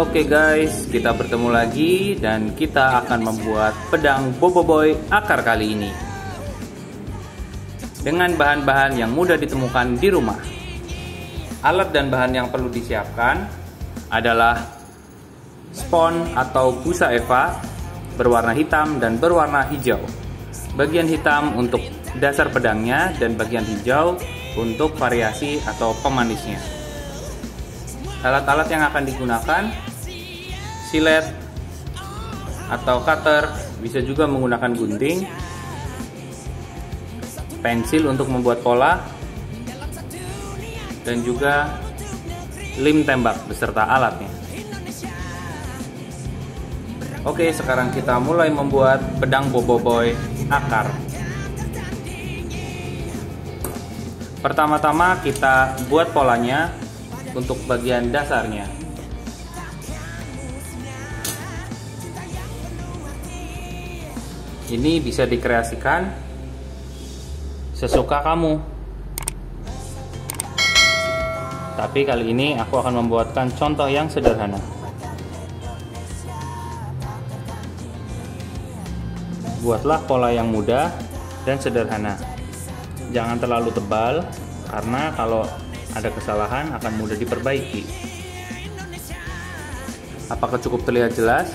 Oke guys, kita bertemu lagi dan kita akan membuat pedang Boboiboy akar kali ini. Dengan bahan-bahan yang mudah ditemukan di rumah. Alat dan bahan yang perlu disiapkan adalah spon atau busa eva berwarna hitam dan berwarna hijau. Bagian hitam untuk dasar pedangnya dan bagian hijau untuk variasi atau pemanisnya. Alat-alat yang akan digunakan silet atau cutter bisa juga menggunakan gunting pensil untuk membuat pola dan juga lem tembak beserta alatnya oke sekarang kita mulai membuat pedang boboiboy akar pertama-tama kita buat polanya untuk bagian dasarnya ini bisa dikreasikan sesuka kamu tapi kali ini aku akan membuatkan contoh yang sederhana buatlah pola yang mudah dan sederhana jangan terlalu tebal karena kalau ada kesalahan akan mudah diperbaiki apakah cukup terlihat jelas?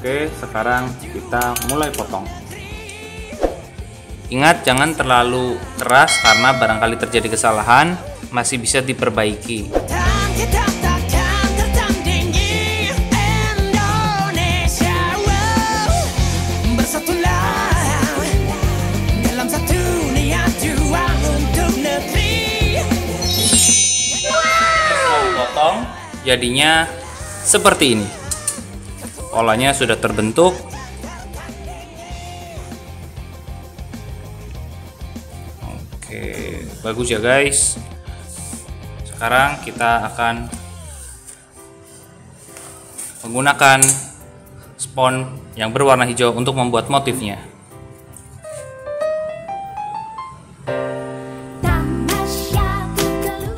Oke, sekarang kita mulai potong. Ingat jangan terlalu keras karena barangkali terjadi kesalahan masih bisa diperbaiki. Potong jadinya seperti ini polanya sudah terbentuk oke bagus ya guys sekarang kita akan menggunakan spon yang berwarna hijau untuk membuat motifnya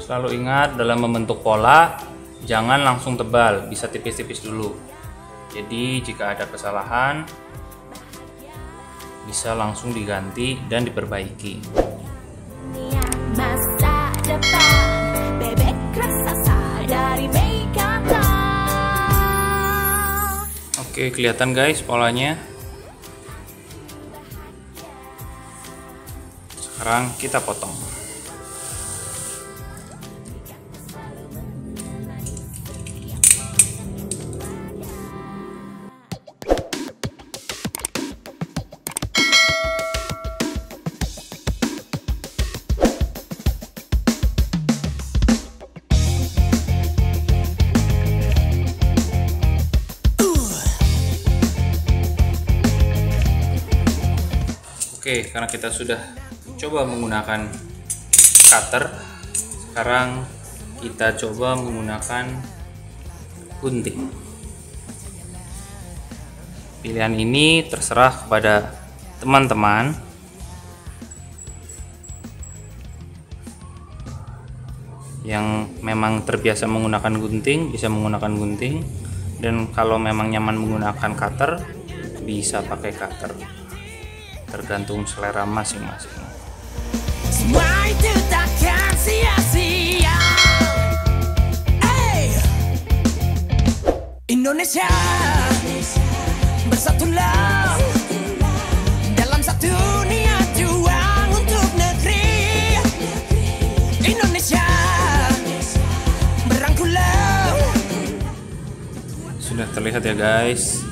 selalu ingat dalam membentuk pola jangan langsung tebal bisa tipis-tipis dulu jadi jika ada kesalahan bisa langsung diganti dan diperbaiki. Oke, kelihatan guys polanya. Sekarang kita potong. Oke, karena kita sudah coba menggunakan cutter, sekarang kita coba menggunakan gunting. Pilihan ini terserah kepada teman-teman. yang memang terbiasa menggunakan gunting bisa menggunakan gunting dan kalau memang nyaman menggunakan cutter bisa pakai cutter tergantung selera masing-masing semua itu sia-sia Indonesia bersatulah dalam satu niat juang untuk negeri Indonesia berangkulah sudah terlihat ya guys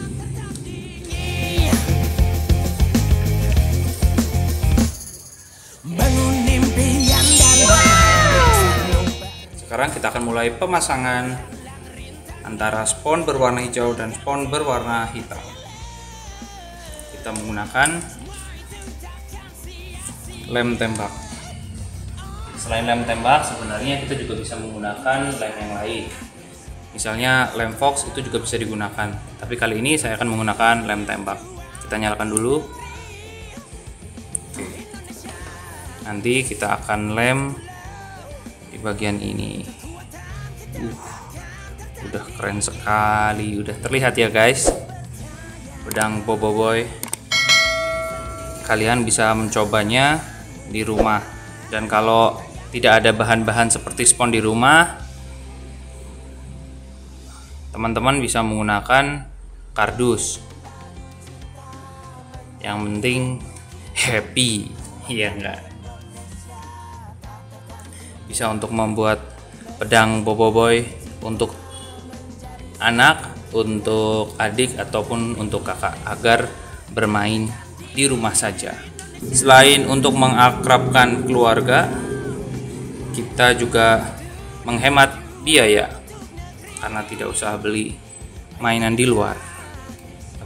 Sekarang kita akan mulai pemasangan antara spons berwarna hijau dan spons berwarna hitam. Kita menggunakan lem tembak. Selain lem tembak, sebenarnya kita juga bisa menggunakan lem yang lain. Misalnya lem fox itu juga bisa digunakan, tapi kali ini saya akan menggunakan lem tembak. Kita nyalakan dulu. Nanti kita akan lem bagian ini uh, udah keren sekali udah terlihat ya guys pedang boboiboy kalian bisa mencobanya di rumah dan kalau tidak ada bahan-bahan seperti spon di rumah teman-teman bisa menggunakan kardus yang penting happy ya enggak bisa untuk membuat pedang boboiboy untuk anak, untuk adik ataupun untuk kakak agar bermain di rumah saja. Selain untuk mengakrabkan keluarga, kita juga menghemat biaya karena tidak usah beli mainan di luar.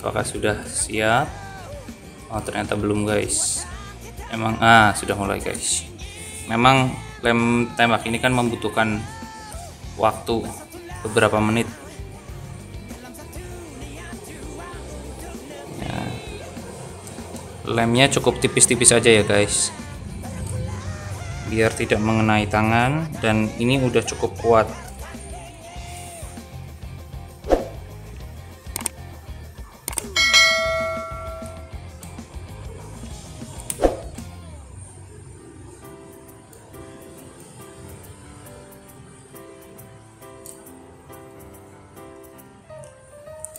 Apakah sudah siap? Oh, ternyata belum, guys. Emang ah, sudah mulai, guys. Memang lem tembak ini kan membutuhkan waktu beberapa menit ya. lemnya cukup tipis-tipis aja ya guys biar tidak mengenai tangan dan ini udah cukup kuat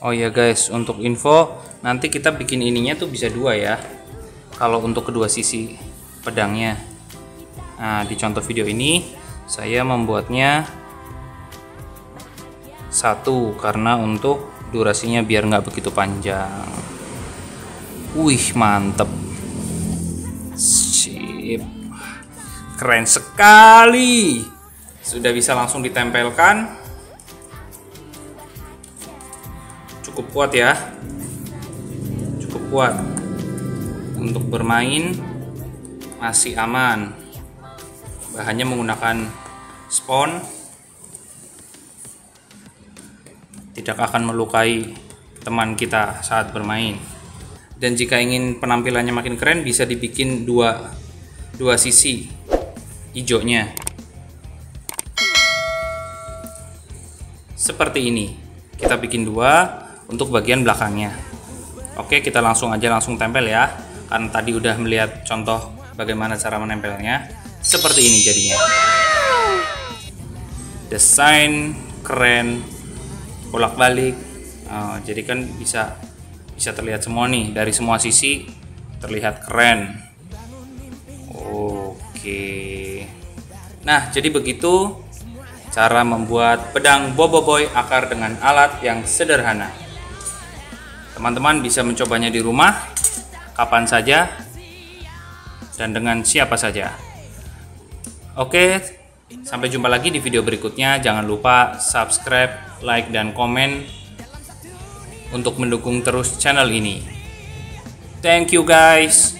Oh ya guys, untuk info nanti kita bikin ininya tuh bisa dua ya. Kalau untuk kedua sisi pedangnya. Nah, di contoh video ini saya membuatnya satu karena untuk durasinya biar nggak begitu panjang. Wih mantep, sip, keren sekali. Sudah bisa langsung ditempelkan cukup kuat ya cukup kuat untuk bermain masih aman bahannya menggunakan spon tidak akan melukai teman kita saat bermain dan jika ingin penampilannya makin keren bisa dibikin dua dua sisi hijaunya seperti ini kita bikin dua untuk bagian belakangnya oke kita langsung aja langsung tempel ya karena tadi udah melihat contoh bagaimana cara menempelnya seperti ini jadinya desain keren bolak balik oh, jadi kan bisa bisa terlihat semua nih dari semua sisi terlihat keren oke nah jadi begitu cara membuat pedang boboiboy akar dengan alat yang sederhana teman-teman bisa mencobanya di rumah kapan saja dan dengan siapa saja oke sampai jumpa lagi di video berikutnya jangan lupa subscribe like dan komen untuk mendukung terus channel ini thank you guys